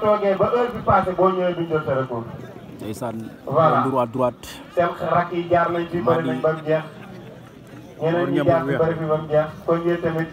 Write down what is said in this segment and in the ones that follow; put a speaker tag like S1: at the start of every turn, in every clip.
S1: toogee ba heure bi passé boo ñëwee duñ jël sa recours. ndeysaan. voilà droit droite. seen rakk yi jaar nañ fi bëri nañ ba mu jeex. ñeneen ñi jaar fi bëri fi ba mu jeex kon yéen tamit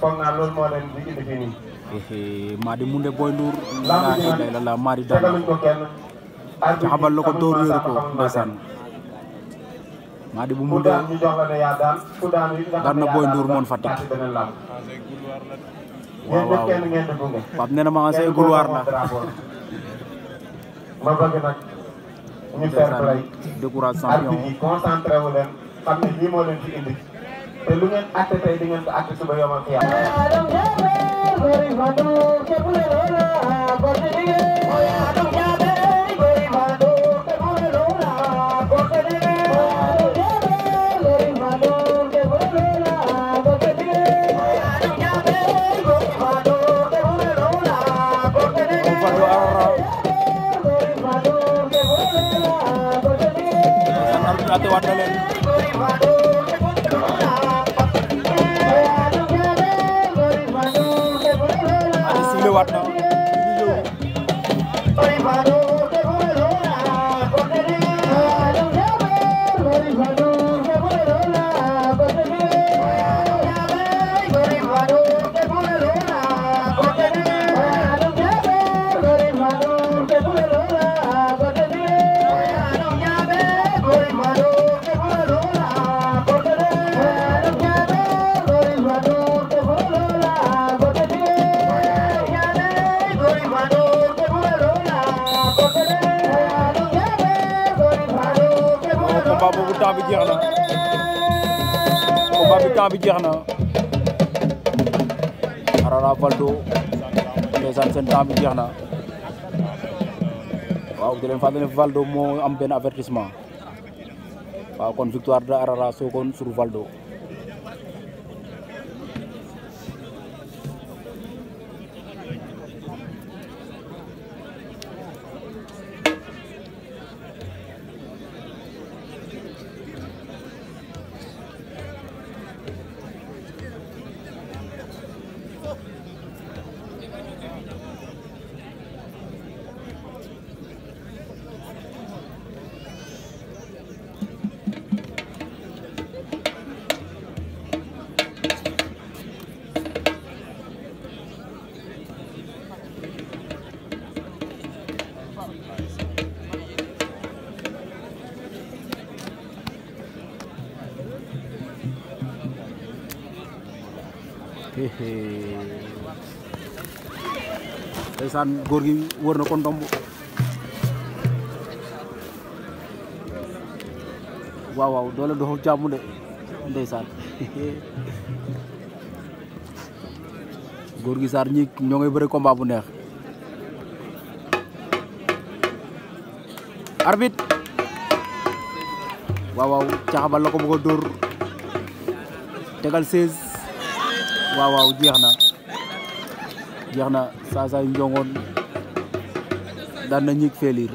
S1: foog naa loolu moo leen di indi fi nii. maa di munde boy Ndour. laa ilaaha illallaah maa di daan ko kenn. xabal la ko door wéeru ko ndeysaan. maa di bu munde daan na boy Ndour moon Fatick. waaw waaw kenn ngeen di gunge. Pape nee na ma nga say gulwaar la. ma bëgg nag. ñu fair play. décourage champion arbitre yi concentré wu leen xam ne lii moo leen fi indi. te lu ngeen àtte tey di ngeen ko àtte suba yomal jeex na Arara Valdo ndeysaan seen temps bi jeex na waaw di leen fàttali Valdo moo am benn avertissement waaw kon victoire de Arara Sokone sur Valdo ndeysaan góor gi wër na ko ndomb waaw waaw doole doxul jàmm de ndeysaan góor gi Sarr ñi ñoo ngay bëri bu neex arbitre waaw waaw caxabal la ko bëgg a tegal 16 waaw waaw jeex na jeex na Saasay Njongoon daan na ñig felir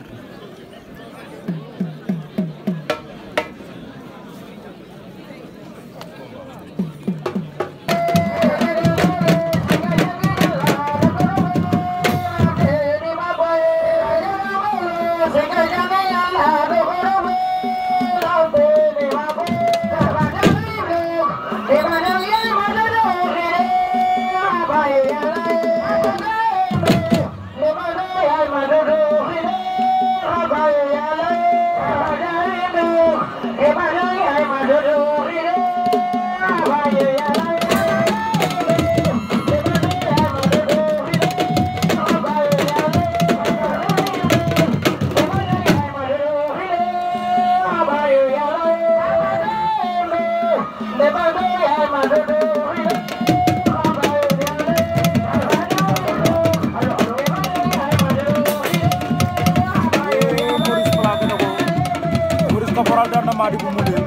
S1: Sadibou Moundé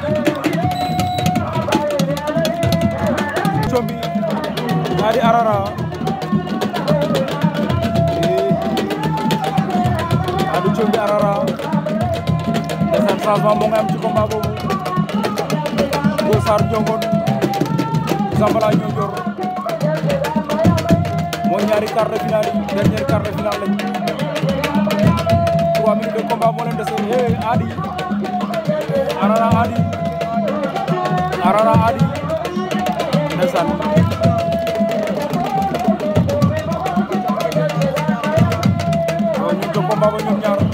S1: combi Adi Arara Adi combi Arara ndeysaan changement moo ngi am ci combat boobu Go Sarr Jongon Zambala ñoo jor mooy ñaari quart de finale yi dernier quart de finale lañ trois minutes de combat moo leen dese Adi arara adi arara adi ndeysaan ñu jokko mbaa ba ñoom ñaar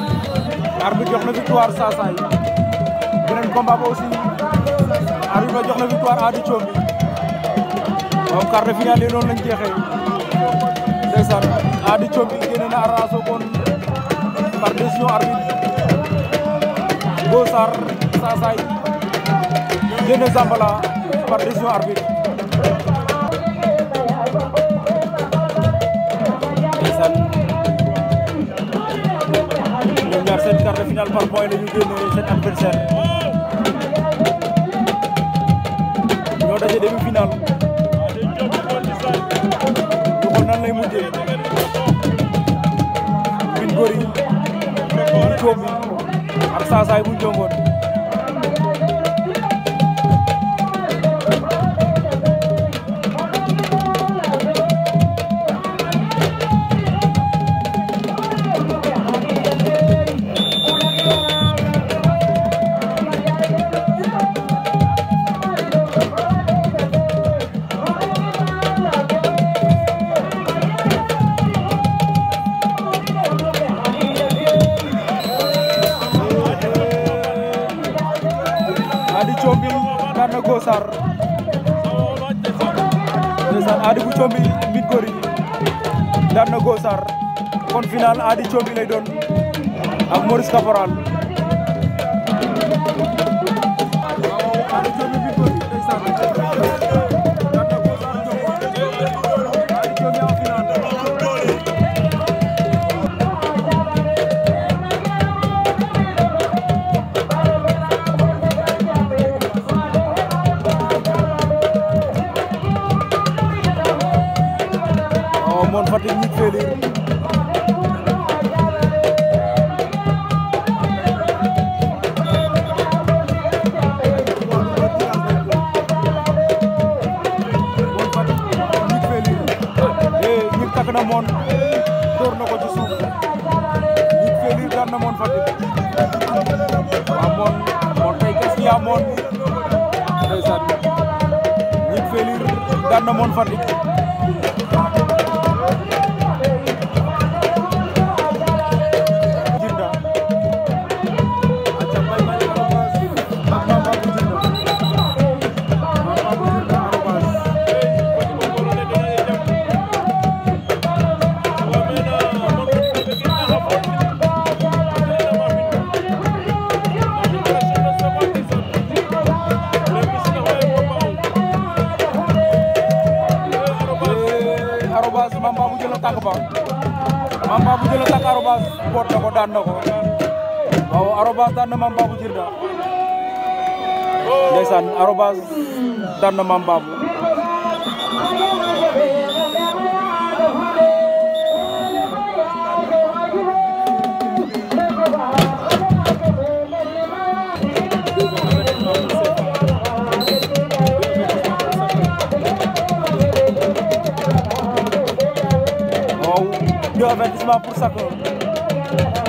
S1: arbitre jox na victoire Saasaay beneen combat ba aussi arbitre jox na victoire Adi Thiomby waaw quart de finale yi noonu lañ jeexee ndeysaan Adi na arraso kon par décision arbitre Bo Sarr Saasaay génne Zambala par décision arbitre seen quart de finale par point la ñu génnee seen adversaire ñoo daje demi final ñu ko nan lay mujjee Mbine Gorgui Mbine Diop ak Saasaay bu Njongoon ndeysaan bu Combi mit gori daan na kon final Ady Combi lay doon ak Maurice Caporal na moon Fatick tànk ba Mame Babou jël tànk Arobase na ko daan na ko waaw Arobase daan na Mame Babou Djirnda ndeysaan Arobase daan na Mame Babou 2,25 por saco.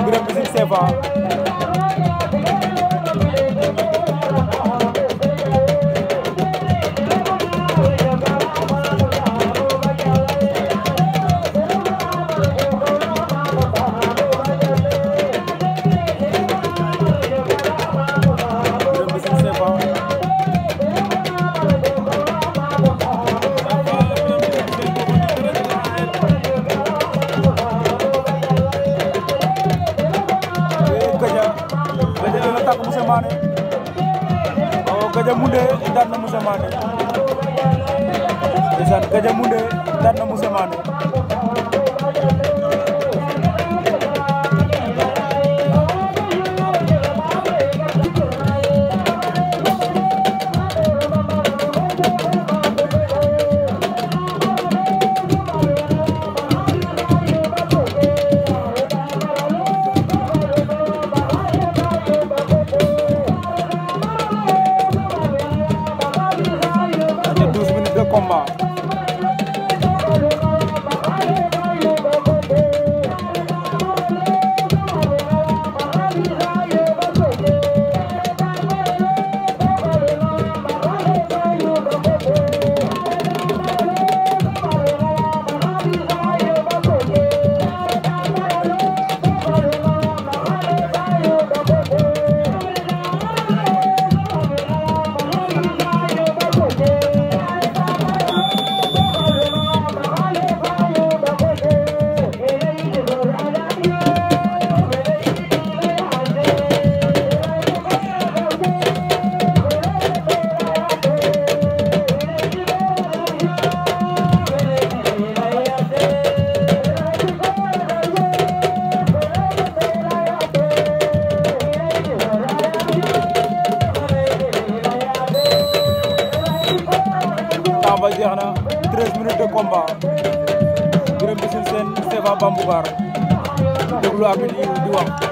S1: Grande vizinho que você vai. Pambukaar déglu abi di di wax eh,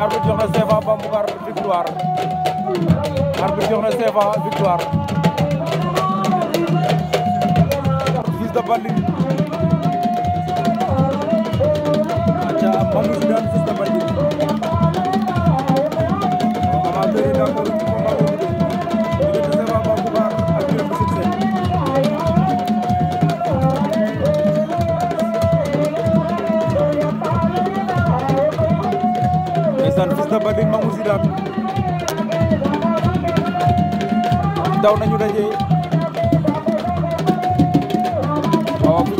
S1: arbitre jox na CFA Pambukaar victoire arbitre jox na CFA victoire Marius da Bargny aca Marius daan Fils da Bargny amateur yi d'accord ci combat boobu de diggante Seba Baboucar ak Birame Mbissek Sène ndeysaan Fils da Bargny Marius daan daw nañu daje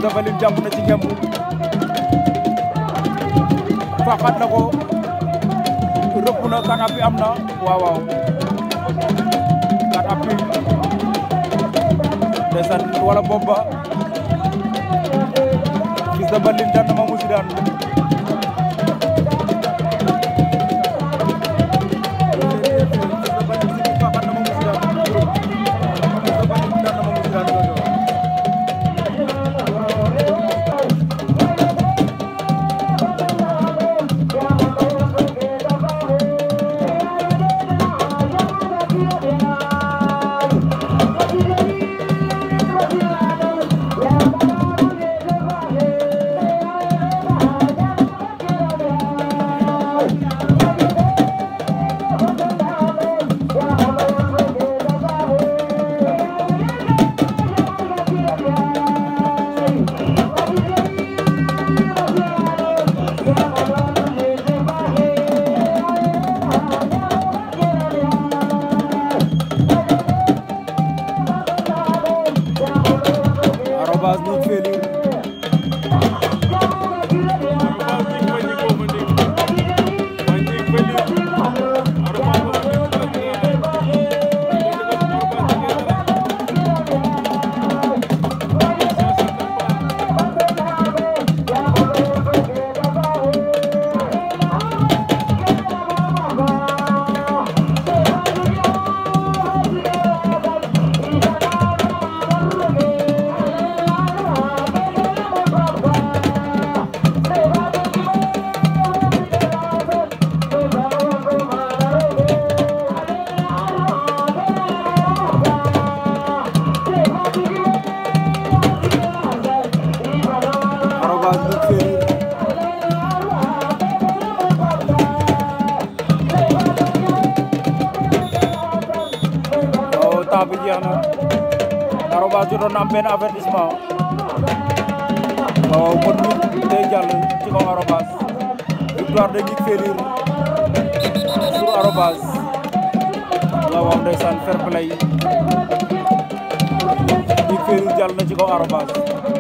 S1: Javeline jàpp na ci ngemb faxat na ko rëpp na kan appi am na waaw waaw kan appi ndeysaan wala boobu ba Fils de Batling daan na Mamou Zidane Obrigado, meu doon a benn avertissement waaw kon lu day jàll ci kaw arobase victoire de Luc Ferry sur arobase waaw waaw ndeysaan play Luc Ferry jàll na ci kaw arobase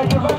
S1: Thank you.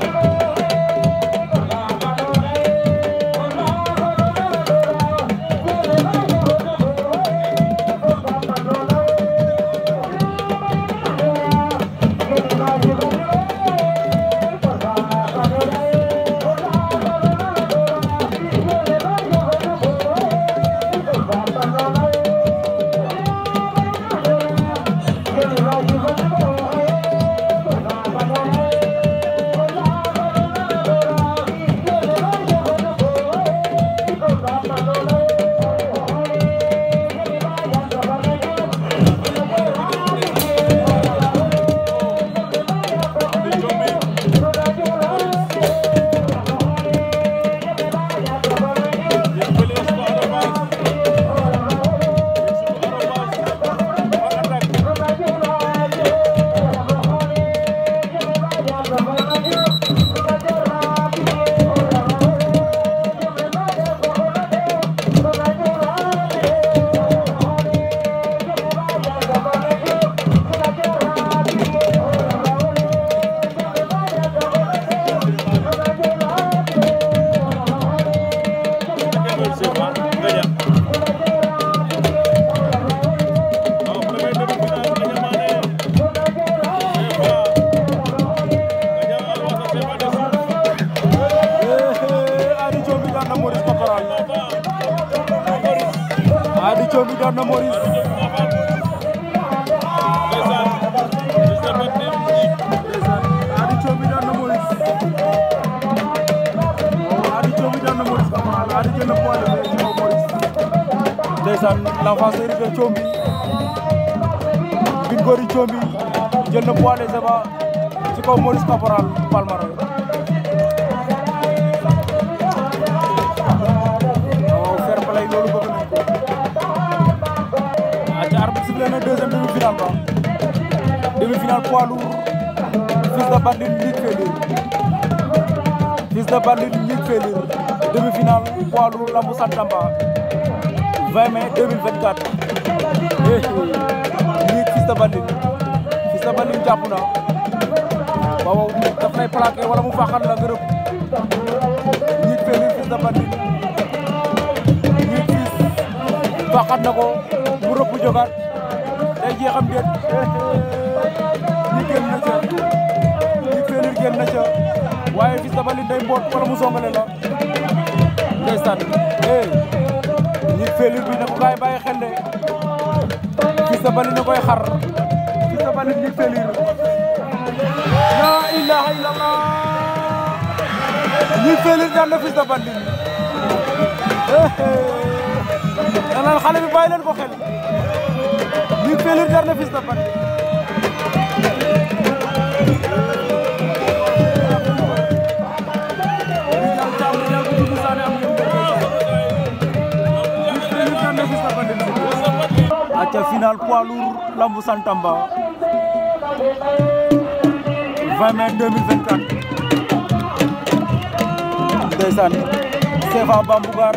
S1: Leewtoo bi daan na Maurice Ady Thiaw bi daan na Maurice Ady Thiaw bi arbitre sifflé na deuxième demi-finale ba demi-finale poids lourd Fils de Batling Luc Ferlir Fils de Batling Luc Ferlir demi-finale poids lourd lambu Santamba 20 mai 2024 eh, eh. Luc Fils de Batling Fils de Batling jàpp na waaw daf lay plaqué wala mu faaxal la ngërëb Luc Ferlir Fils de Batling Luc Fils faaxat na ko mu rëbb jógaat day jeexam déet ñi génn na ca ñi félir génn na ca waaye Fils de Balla day mboot wala mu songale la ndeysaan eh ñi félir bi ne ko gaay bàyyi xel de Fils de Balla ne koy xar Fils de Balla ñi félir la ilaha illallah ñi félir daan na Fils de Balla eh, eh. xale bi bàyyi leen ko xel Luc Pellour jar na Fils de Batling ca final poids lourd lambu Santamba 20 mai 2024 ndeysaan Seva Bambougar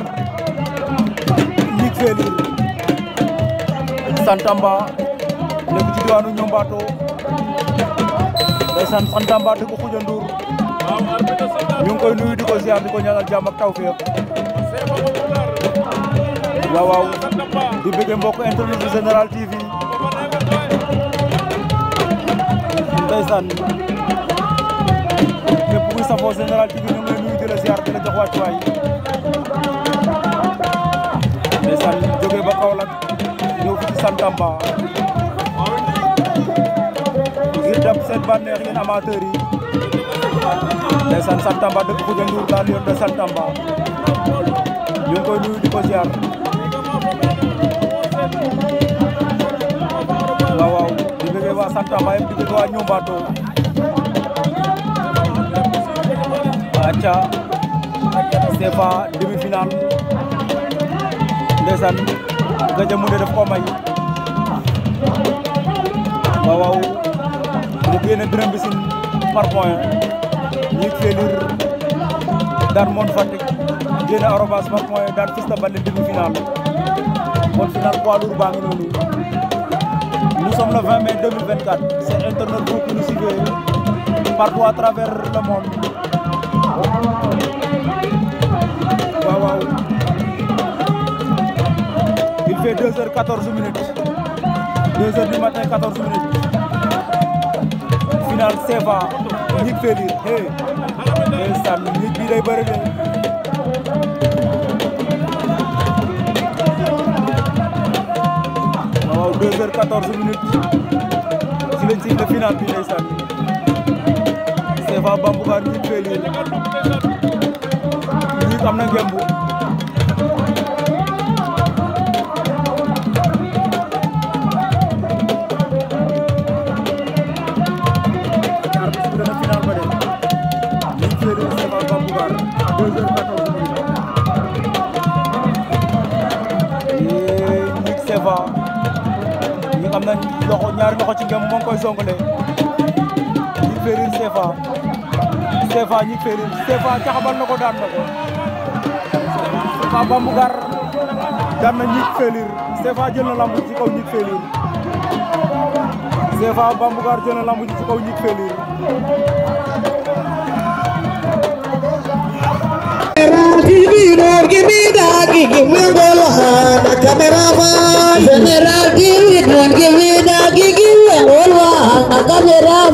S1: Luc Pellour Santamba nekk ci diwaanu Ñombato ndeysaan Santamba dëkk Xuja Ndour ñu ngi koy nuyu di ko ziar di ko ñaanal jàmm ak tawfeex waaw waaw di bëggee mbokk internet Général TV ndeysaan képp kuy safoo Général TV ñu ngi nuyu di la ziar di la jox wàccuwaay ndeysaan jógee ba Kaolack Santamba ngir dab seen bànneex yéen amateurs yi ndeysaan Santamba dëkk Koudia Ndour la Lion de Santamba ñu ngi di ko waaw di bëgg waa Santamba yëpp di bëgg waa acca CFA demi-finale ndeysaan gëj a mu ne def waaw waaw mu génne Birame Mbissine par point ñuy félir daan Mone Fatick génne Arobase par point daan Fils de Balla demi finale kon finale poids lourd baa ngi noonu nous sommes le 20 mai 2024 c'est internet vous qui nous suivez partout à travers le monde waaw waaw il fait heures 14 minutes 2 heures du matin 14 minutes final CFA Gnick Pelir hey ndeysaan Gnick bi day bëri de waaw 2 heures 14 minutes ci lañ siy le final bi ndeysaan CFA Bambougar Gnick Pelir Gnick am na ngembu séeréer Moustapha Bambougar deux heures quatorze ñi am na loxo ñaari loxo ci ngëm moo ngi koy songale Lick Ferry Seva Seva Lick Ferry Seva na ko daan na ko Moustapha daan na Lick Ferry Seva jël na lamb ci kaw Lick Ferry Seva jël na lamb ci kaw Lick doggy, give me a roll of hand. A cameraman, camera, give me, give me doggy, give me a roll of hand. A cameraman.